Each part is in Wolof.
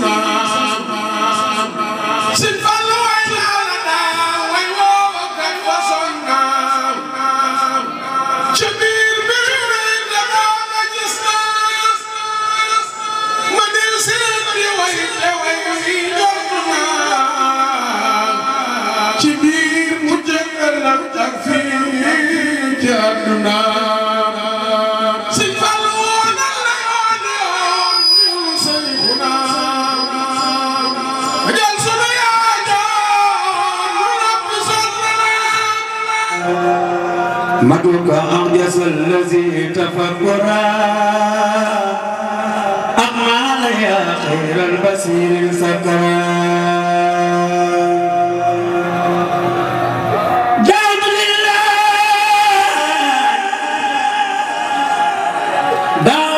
suna مدك أعجز الذي تفكرا أعمال يا خير البصير سكرا Down!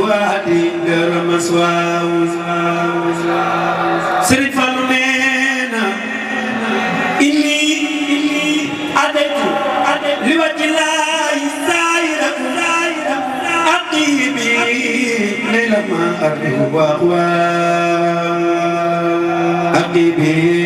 waati gërëm suwaaw Serigne Fallou nee na inni adaytu li wajhi llaahi saa'irata aqiimi layla ma arju waaw waaw aqiimi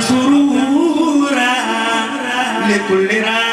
سرورا لكل راحة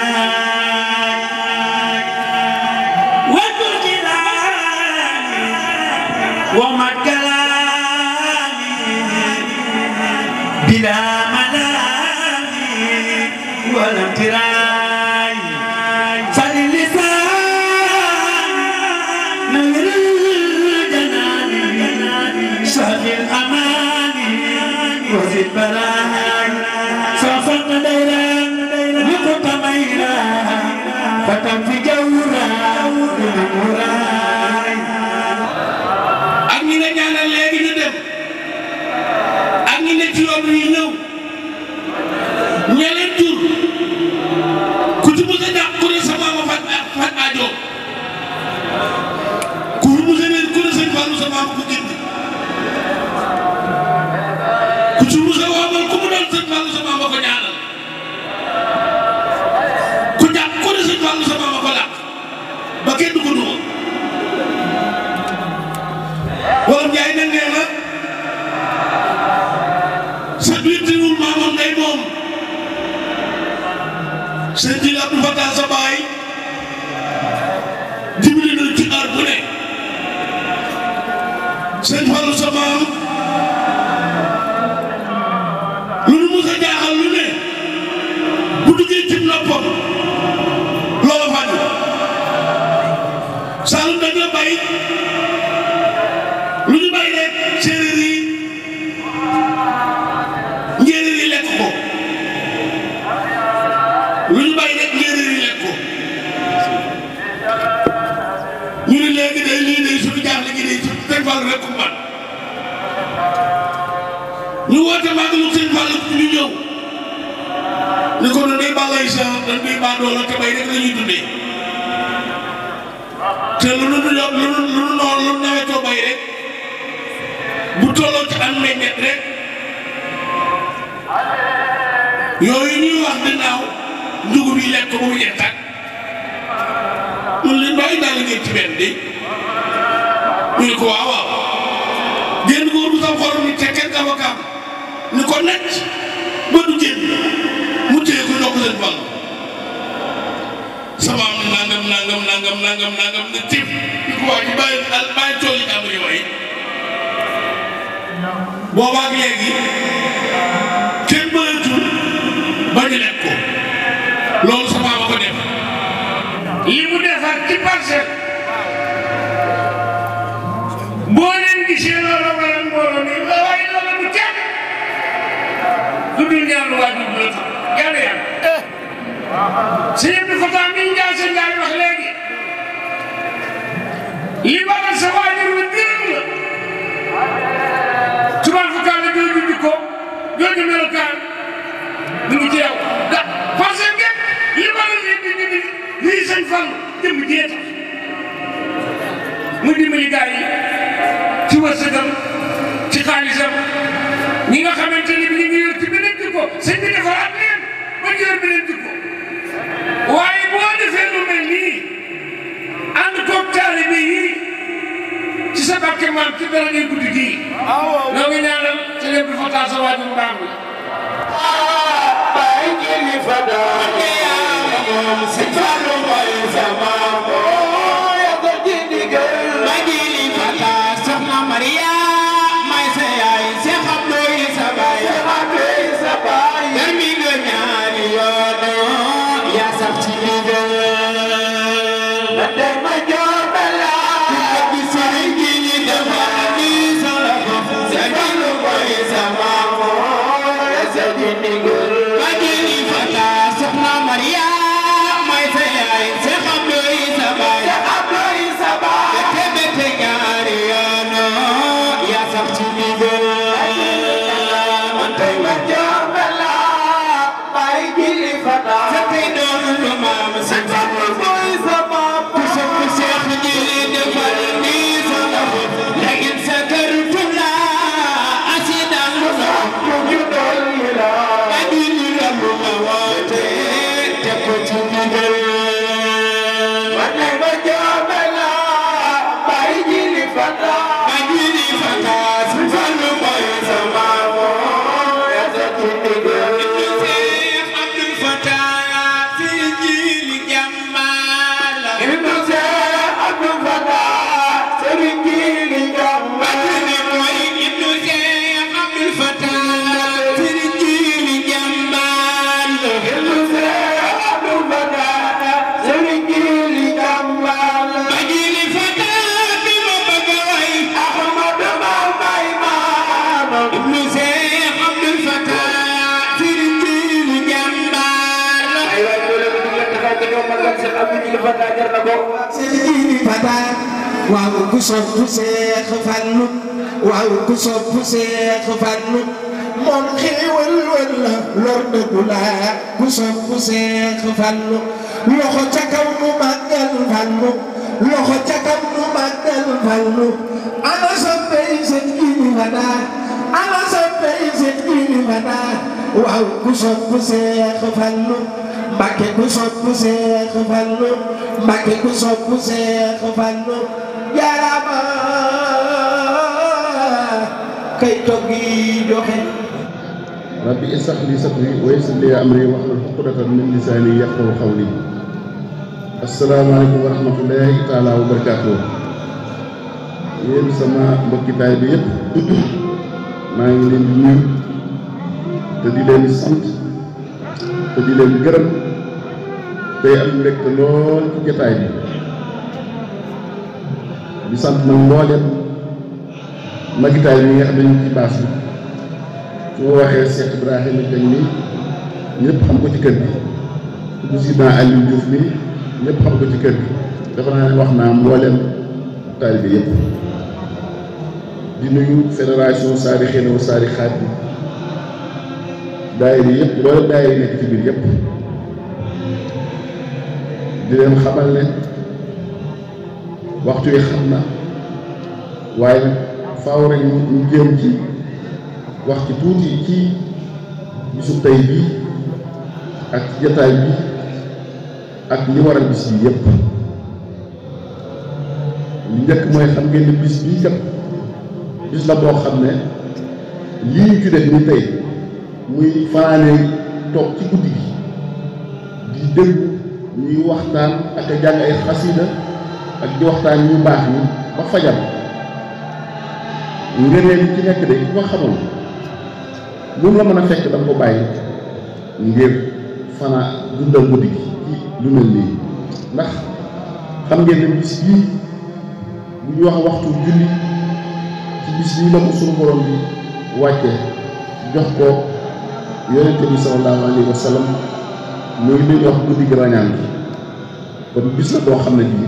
yëkkati loolu ñu ñëw. jibril ni ko nu nuy bàllay sa dan nuy bàddoola te bay rek la dundee te lu nu lu nu noonu lu nawetoo bay rek bu tolloo ci am meññet rek yooyu ñuy wax dinaaw dugub yi lekk ko ba mu jeexaat mun leen bàyyi daal ngeen ci benn de mu ko waaw waaw génn góor bu sam xorom ni te kenn avocat ni ko necc ba du génn lañ fal sama am nangam nangam nangam nangam nangam ne tiim ñu ko waa ji bàyyi al bàyyi tool yi jàmbur yi waaye boobaa ak léegi kenn mënatul bañ a lekk ko loolu sama ma ko def li mu defar ci parcelle boo leen gisee loolu waral mbooloo nii waaye loolu bu teg lu dul ñaar waajur sëñ Abdou Fatah mii Ndiaye sëñ Ndiaye wax léegi li waral sa waajur wi gërëm la tubaab fukkaat la jooy dund ko jooju melokaan dund ci yow da parce que li waral li di di lii sëñ Fall jëmm jeet mu dimbali gars yi ci wërsëgam ci xaalisam ñi nga xamante ni bi ñu ngi yor ci beneen jikko sëñ bi defaraat leen ba ñu yor beneen jikko nii ànd koog ci sa maam ci dara ngay guddi gii. waaw noo ngi ñaanal ci lépp lu fa taal sa waajur bu baax bi. bàyyi kilifa moom si Fallou mooy sama. moo yor ko ci digal. ma kilifa soxna Maria. magal Cheikh Abdou Diouf Fata jar na ko. Cheikh Diouf Fata waaw ku sopp Seex Fallu waaw ku sopp Seex Fallu moom xéewal walla lor dëggu laa ku sopp Seex Fallu loxo ca kaw nu màggal Fallu loxo ca kaw nu màggal Fallu ana soppey Cheikh Diouf Fata ana soppey Cheikh Diouf Fata waaw ku sopp Seex Fallu Mbàkke ku sopp Seex Fallu Mbàkke ku sopp Seex Fallu jaarama kay toggi joxe rabbi ishrah li sadri wa yassir li amri wahlul uqdatan min lisani yafqahu qawli asalaamaaleykum wa rahmatullahi taala wa barakaatu yéen sama mbokki taay bi yëpp maa ngi leen di nuyu te di leen sant te di gërëm day am mbégte lool ci jotaay bi di sant nag mbooleem magitaay bi nga xam ne ñu ci baas bi su ma waxee Cheikh Ibrahima Diagne mi ñëpp xam ko ci kër gi président Aliou xam ko ci kër gi dafa naa ne wax naa mbooleem taalibe yëpp di nuyu fédération saari xéne saari xaat bi daayira yi yëpp loolu daayira yi nekk ci biir yëpp di leen xamal ne waxtu yi xam na waaye nag faaw ñu jéem ci wax ci tuuti ci bisu tey bii ak jataay bi ak li waral bis bi yëpp li njëkk mooy xam ngeen bis bii kat bis la boo xam ne lii ñu ci ni tey muy fanaanee toog ci guddi gi di dégg ñuy waxtaan ak a jàng ay xasida ak di waxtaan ñu baax ñi ba fajal ngëneel ci nekk de ku ko xamoon lu la mën a fekk da ko bàyyi ngir fanaa dundal guddi gi ci lu mel nii ndax xam ngeen ne bis bii bu ñu wax waxtu julli ci bis bii la ko borom bi wàcce jox ko yonente bi sallallahu alayhi wa sallam muy li wax guddi gi rañaan gi kon bis la boo xam ne bii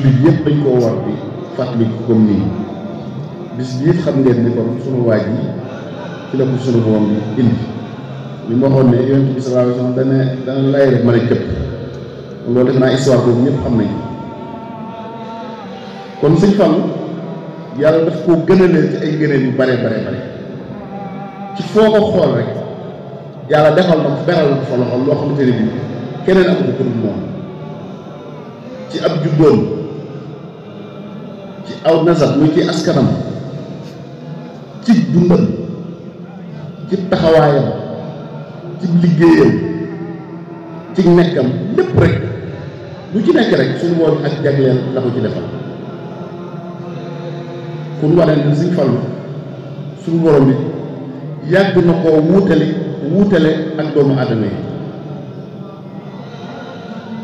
jullit a dañ koo war bi fàttali ko comme bis bii xam ngeen ni kon sunu waaj yi ci la ko sunu borom bi indi li ma waxoon ne yonente bi sallallahu alayhi wa dana lay rek mën a këpp loolu def naa histoire boobu ñëpp xam nañ kon sëñ Fallu yàlla daf koo gën ci ay gëneel yu bare bare bare ci foo ko xool rek yàlla defal na ko beral ko fa loxo loo xamante ne bii keneen am ko kuréel moom ci ab juddoom ci aw nasar muy ci askanam ci dundam ci taxawaayam ci liggéeyam ci nekkam lépp rek lu ci nekk rek suñu woon ak jagleel la ko ci defal kun waneen ni suñ fallu suñu borom yàgg na koo wuutali wuutale ak doomu aadama yi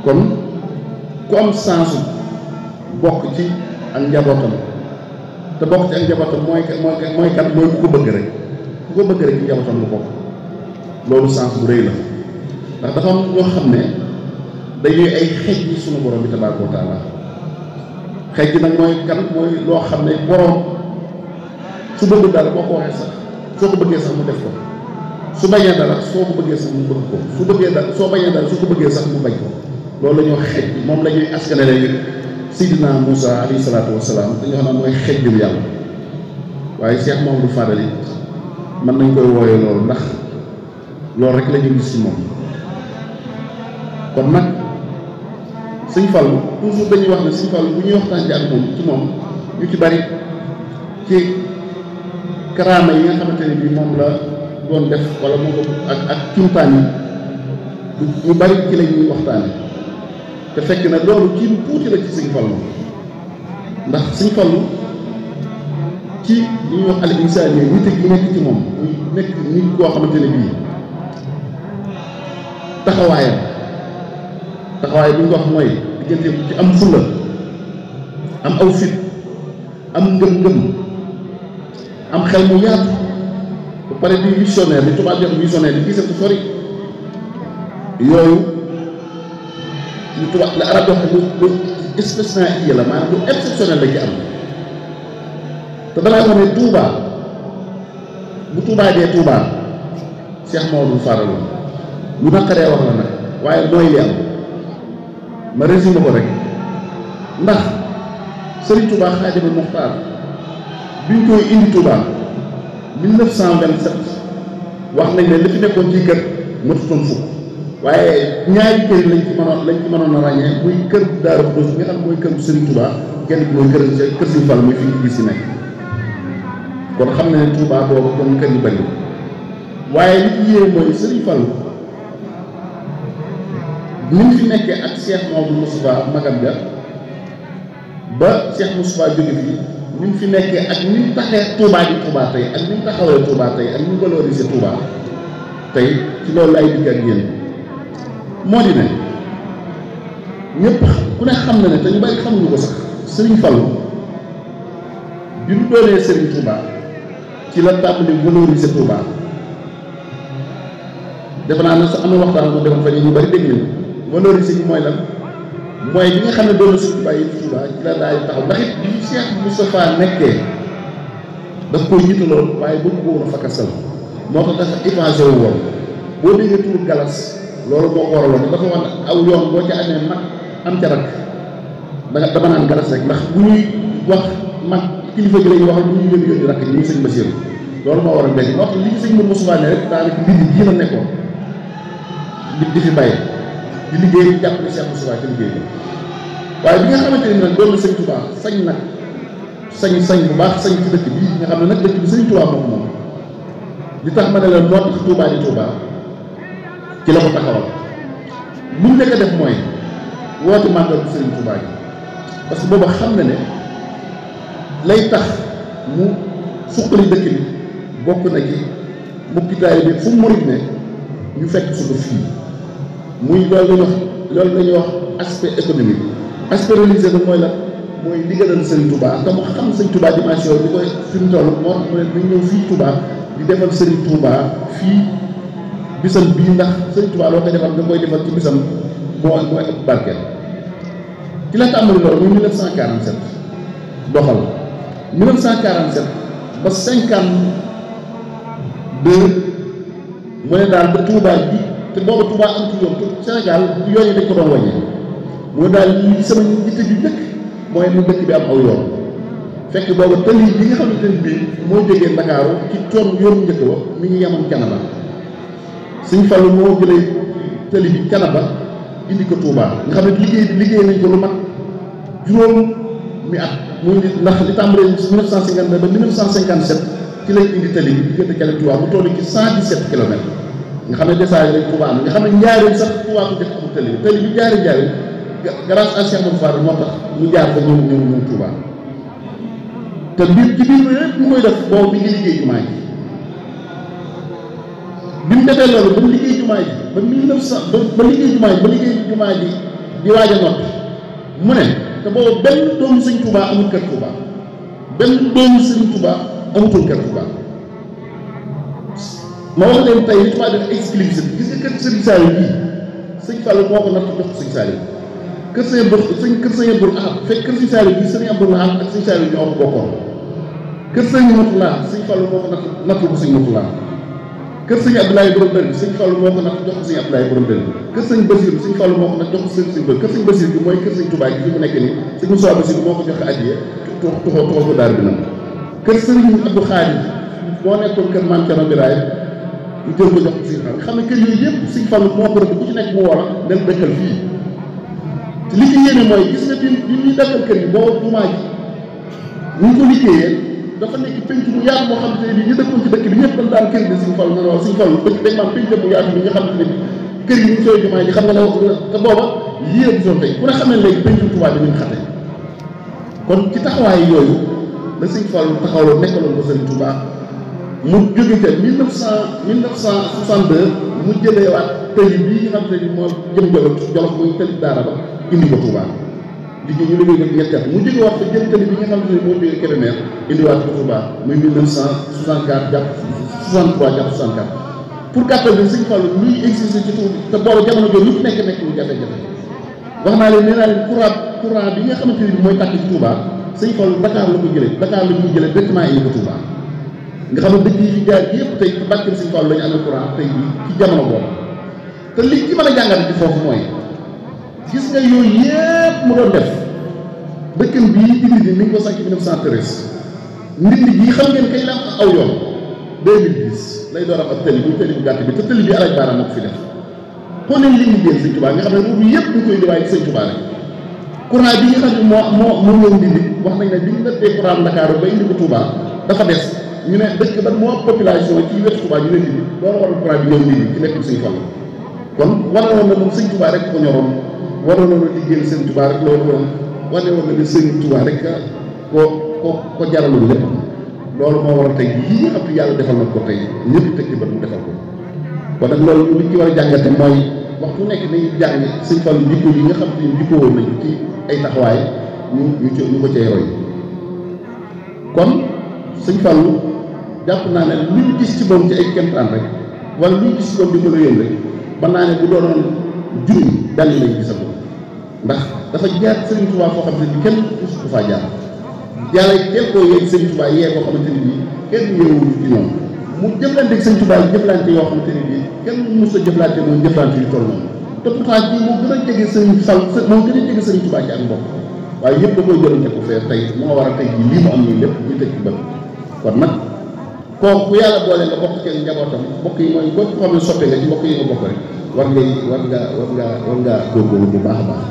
kon ku am sensu bokk ci ak njabootam te bokk ci ak njabootam mooy mooy mooy kat mooy ku ko bëgg rek ku ko bëgg rek ci njabootam bokk loolu sens bu rëy la ndax dafa am ñoo xam ne dañuy ay xej yi sunu borom bi tabaaraka wa xej gi nag mooy kan mooy loo xam ne borom su bëgg dara boo ko waxee sax soo ko bëggee sax mu def ko. su bañee dara soo ko bëggee sax mu bëgg ko su bëggee dara soo bañee dara su ko bëggee sax mu bañ ko loolu la wax xej moom la ñuy askanale rek Seydina Moussa alayhi salaatu wa salaam dañu xam ne mooy xej bi yàlla waaye Cheikh Mamadou Fadal it nañ koy wooyee loolu ndax loolu rek la ñu gis ci moom kon nag Sëñ Fallu toujours dañuy wax ne Sëñ Fallu bu ñuy waxtaan ak moom ci moom ñu ci bari ci karaama yi nga xamante ne bii moom la. doon def wala mu bokk ak ak cumpaan yi ñu bari ci la waxtaane te fekk na loolu ci lu tuuti la ci Sëñ Fallu ndax Sëñ Fallu ci li ñuy wax al insaan yi nit nekk ci moom muy koo xamante ne bii taxawaayam taxawaay bi ñu wax mooy diggante ci am fulla am aw fit am ngëm-ngëm am xel mu yaatu bu pare di visionnaire li tubaab di wax visionnaire di gisal ko sori yooyu li tubaab la arab wax lu lu spécial la maanaam lu te danaa wax ne bu Touba dee Touba Cheikh Maodo Faral lu naqaree wax la nag waaye mooy li ma résumé ko rek ndax Serigne Touba Xaadimal Muxtaar bi ñu koy indi Touba. 1927 wax nañ ne li fi nekkoon ci kër mosutoon fukk waaye ñaari kër lañ ci mënoon lañ ci mënoon a ràññee muy kër Daaru Xudoos bi nga xam mooy kër bu Serigne Touba kenn ki mooy kër kër Serigne Fall fi ñu gis si nekk kon xam ne ne Touba boobu kon kër yu bëri waaye li ci yéen mooy Serigne Fall ni mu fi nekkee ak Cheikh bu Moustapha magam ja ba Cheikh Moustapha jóge fii ñu fi nekkee ak ñu taxee Touba di Touba tey ak ñu taxawee Touba tey ak ñu valorisé Touba ci loolu lay digg ak yéen moo di ne ñëpp ku ne xam na ne te ñu bari xamuñu ko sax Serigne Fallou bi mu doonee Serigne Touba ci la tàmbali valoriser Touba defe naa ne sax am na waxtaan bu defoon fa ñu bari dégg nañu si bi mooy lan. mooy li nga xam ne doon na suñu bàyyi Touba ci la daay taxaw ndax it bi ñu nekkee daf koy yitaloon waaye bëgg ko woon a fakkasal moo tax dafa évangé wu woon boo déggee tur galas loolu moo ko waraloon dafa wan aw yoon boo ca amee mag am ca rak danga dama naan galas rek ndax bu ñuy wax mag kilifa gi la ñuy wax bu ñuy yónni yónni rakk ñu ngi sëñ Basiru loolu moo war a mbéy moo tax li ñu sëñ Moustapha ne rek daanaka mbir mi jii la nekkoon di di liggéey jàppale Cheikh Moustapha ci liggéey bi waaye bi nga xamante ni nag doon sëñ Touba sañ nag sañ sañ bu baax sañ ci dëkk bi nga xam ne nag dëkk bi sëñ Touba moom moom li tax ma ne la moo tax Touba di Touba ci la ko taxawal buñ nekk def mooy woote màggal bu sëñ Touba ji parce que booba xam na ne lay tax mu suqali dëkk bi bokk na ci mbokki taalibe bi fu mu ne ñu fekk suñu fii muy lool lañu wax loolu la ñuy wax aspect économique aspect religieux bi mooy la mooy li gënal sëñ Touba te mu xam sëñ Touba dimension bi koy fi mu toll moo tax mu ne fii Touba di defal sëñ Touba fii bisam bii ndax sëñ Touba loo koy defal da koy defal ci bisam moo mooy ëpp barke ci la tàmbali loolu muy 1947 doxal 1947 ba 52 daal ba Touba bi te booba Touba am ci yoon te Sénégal yoon yi dañ moo daal li sama yitte ju njëkk mooy mu dëkk bi am aw yoon fekk booba tëli bi nga xamante ne bii moo jógee Ndakaaru ci toon yoonu njëkk ba mi ngi yemoon Canaba suñ Fallu moo jëlee tëli bi Canaba indi ko Touba nga xam ne liggéey bi liggéey nañ ko lu mat juróom mi at muy ndax ci lañ indi tëli bi diggante Canaba Touba bu toll ci 117 kilomètres nga xam ne desaay rek Touba am nga xam ne njaareel sax Touba ko def amul tëli tëli bi jaaree moo tax mu jaar ko ñëw ñëw ñëw Touba te biir ci biir lépp ñu koy def boobu mi ngi liggéey jumaa ji bi mu defee loolu ba mu liggéey jumaa ji ba mille neuf liggéey jumaa ji ba liggéey ne te boobu benn doomu sëñ Touba amul kër Touba benn doomu sëñ Touba amutul kër Touba. moo wax leen tey li ma def exclusif gis nga kër Serigne Saliou bii sëñ ah, Fallou moo ko natt jox ko sëñ Saliou kër Serigne Abdou sëñ kër Serigne Abdou Lahad fekk kër Serigne Saliou bii Serigne Abdou Lahad ak sëñ Saliou moo ko natt nattu ko sëñ Moutoulah kër sëñ Abdoulaye borom dër bi sëñ Fallou moo ko natt jox ko sëñ Abdoulaye borom dër bi kër sëñ Basir sëñ Fallou moo ko natt jox ko sëñ sëñ ba kër sëñ Basir bi mooy kër sëñ Touba gi fi mu nekk nii sëñ Moussa Basir moo ko joxe addiye tuxoo tuxoo ko daar bi nag kër sëriñ Abdou Khadi moo nekkoon kër Mame Thierno ñu jël ko jox ko Serigne Fallou xam ne kër yooyu yëpp Serigne Fallou moo bu rëdd ku ci nekk mu woo la dem dëkkal fii te li ci yéene mooy gis nga bi bi ñuy dëkkal kër yi boo jumaa ji ñu ko liggéeyee dafa nekk penc mu yaatu moo xam ne bii ñu dëkkoon ci dëkk bi ñëpp dañ daan kër bi Serigne nga xam ne kër yi ñu sooy jumaa ji xam nga la te booba yéen a gisoon tey ku ne xam ne léegi penc Tuubaa bi ñu xate kon ci taxawaay yooyu la Serigne Fallou taxawloo nekkaloon ba Serigne Touba mu jóge ca mille neuf cent mille neuf cent soixante deux mu jëlee waat tëli bii nga xam te ni moo jëm jolof jolof muy tëli daara ba indi ko ñu liggéey def ñetti at mu jóge waat fa jël tëli bi nga xam te ni moo jóge Kébémer indi waat ko Touba muy mille neuf cent soixante quatre jàpp soixante trois jàpp soixante quatre pour gàttal bi Sëñ Fallu te boobu jamono jooju lu nekk nekk lu jafe naa leen nee naa leen courant courant bi nga xamante ni mooy tàkk ci Touba Sëñ Fallu Dakar la ko jëlee Dakar la ñuy jëlee directement indi ko Touba nga xam ne dëkk yi yëpp tey ci barke Sëñ Fall lañu amee courant tey bi ci jamono boobu te li foofu mooy gis nga yooyu yëpp doon def dëkkam bii di Ndindi mi ngi ko sànq ci 1913 Ndindi bii xam ngeen kay la aw yoon 2010 lay door am bi te bi El Hadj Baara moo ko fi def ñu xam ne loolu yëpp ñu koy diwaay Sëñ Tuubaa rek courant bi nga xam ne moo moo moo ñëw Ndindi wax nañ ne bi ñu def courant Ndakaaru ba indi ko Touba dafa des. ñu ne dëkk ban moo population ci wetu Touba ñu ne nit kon wane na moom Sëñ Touba rek ko ñoroon wane woon na liggéeyal Sëñ Touba rek loolu woon wane woon na ne Sëñ Touba rek ko ko ko jaraloon lépp loolu moo waral tey yii nga xam ne yàlla defal na ko tey ñëpp teg ci bët mu defal ko kon nag loolu liñ ci war a nekk nañu jàng Sëñ Fallu yi nga xam ne jikko woon nañu ci ay taxawaay ñu ñu ñu ko cay roy kon Sëñ Fallu jàpp naa ne lu ñu gis ci moom ci ay kemtaan rek wala lu ñu gis ci moom di mën a rek mën naa ne bu doonoon juróom dal nañ gisal ko ndax dafa jaar Serigne Touba foo ne ni kenn musu ko faa jaar yàlla teel koo yeeg Serigne yee koo xamante ni bii kenn yeewuñu ci noonu mu jëflante ak Serigne Touba jëflante yoo xamante ni bii kenn mos a jëflante moom jëflante yu toll te pourtant bii moo gën a jege Serigne Sall moo gën a jege Serigne ci ak mbokk waaye yëpp da koy jëloon ne ko fee tey moo war a tey jii lii mu am nii lépp ñu teg ci bët kon nag kooku bu yàlla boole nga bokk ci njabootam mbokk yi mooy bokk xam ne soppe nga ci mbokk yi nga bokk rek war ngay war nga war nga war nga góorgóorlu bu baax a baax